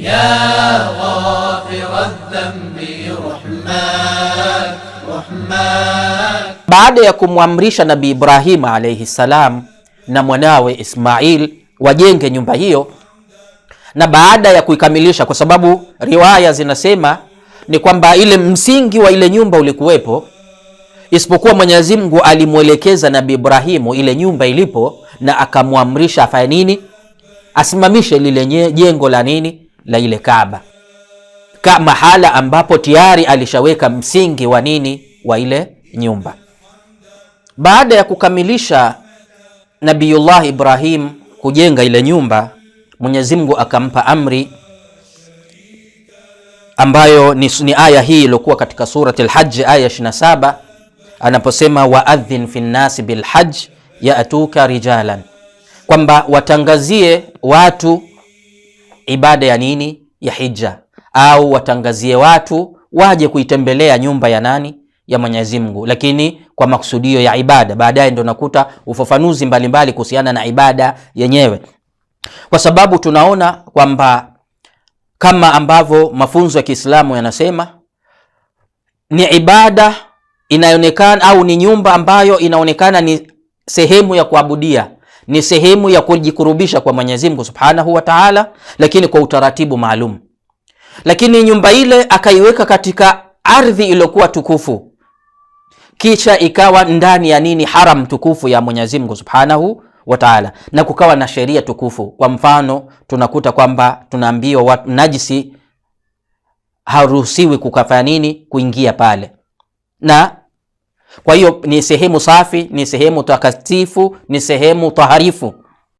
يا غافر الذنب rahman Baada ya kumwamrisha Nabii ibrahim alayhi salam na mwanawe Ismail wajenge nyumba hiyo, na baada ya kuikamilisha, kwa sababu riwaya zinasema ni kwamba ile msingi wa ile nyumba ulikuwepo, isipokuwa Mwenyezi Mungu alimwelekeza nabi Ibrahimu ile nyumba ilipo, na akamwamrisha afanye nini, asimamishe lile jengo la nini la ile Kaaba ka mahala ambapo tayari alishaweka msingi wa nini wa ile nyumba. Baada ya kukamilisha Nabiyullah Ibrahim kujenga ile nyumba, Mwenyezi Mungu akampa amri ambayo ni, ni aya hii iliyokuwa katika surati Al-Hajj aya 27 anaposema waadhin fi nnasi bilhajj yatuka rijalan, kwamba watangazie watu ibada ya nini ya hija, au watangazie watu waje kuitembelea nyumba ya nani ya Mwenyezi Mungu, lakini kwa maksudio ya ibada. Baadaye ndo nakuta ufafanuzi mbalimbali kuhusiana na ibada yenyewe, kwa sababu tunaona kwamba kama ambavyo mafunzo ya Kiislamu yanasema ni ibada inaonekana au ni nyumba ambayo inaonekana ni sehemu ya kuabudia ni sehemu ya kujikurubisha kwa Mwenyezi Mungu Subhanahu wa Ta'ala, lakini kwa utaratibu maalum. Lakini nyumba ile akaiweka katika ardhi iliyokuwa tukufu, kisha ikawa ndani ya nini, haram tukufu ya Mwenyezi Mungu Subhanahu wa Ta'ala, na kukawa na sheria tukufu. Kwa mfano, tunakuta kwamba tunaambiwa watu najisi haruhusiwi kukafanya nini, kuingia pale na kwa hiyo ni sehemu safi, ni sehemu takatifu, ni sehemu taharifu.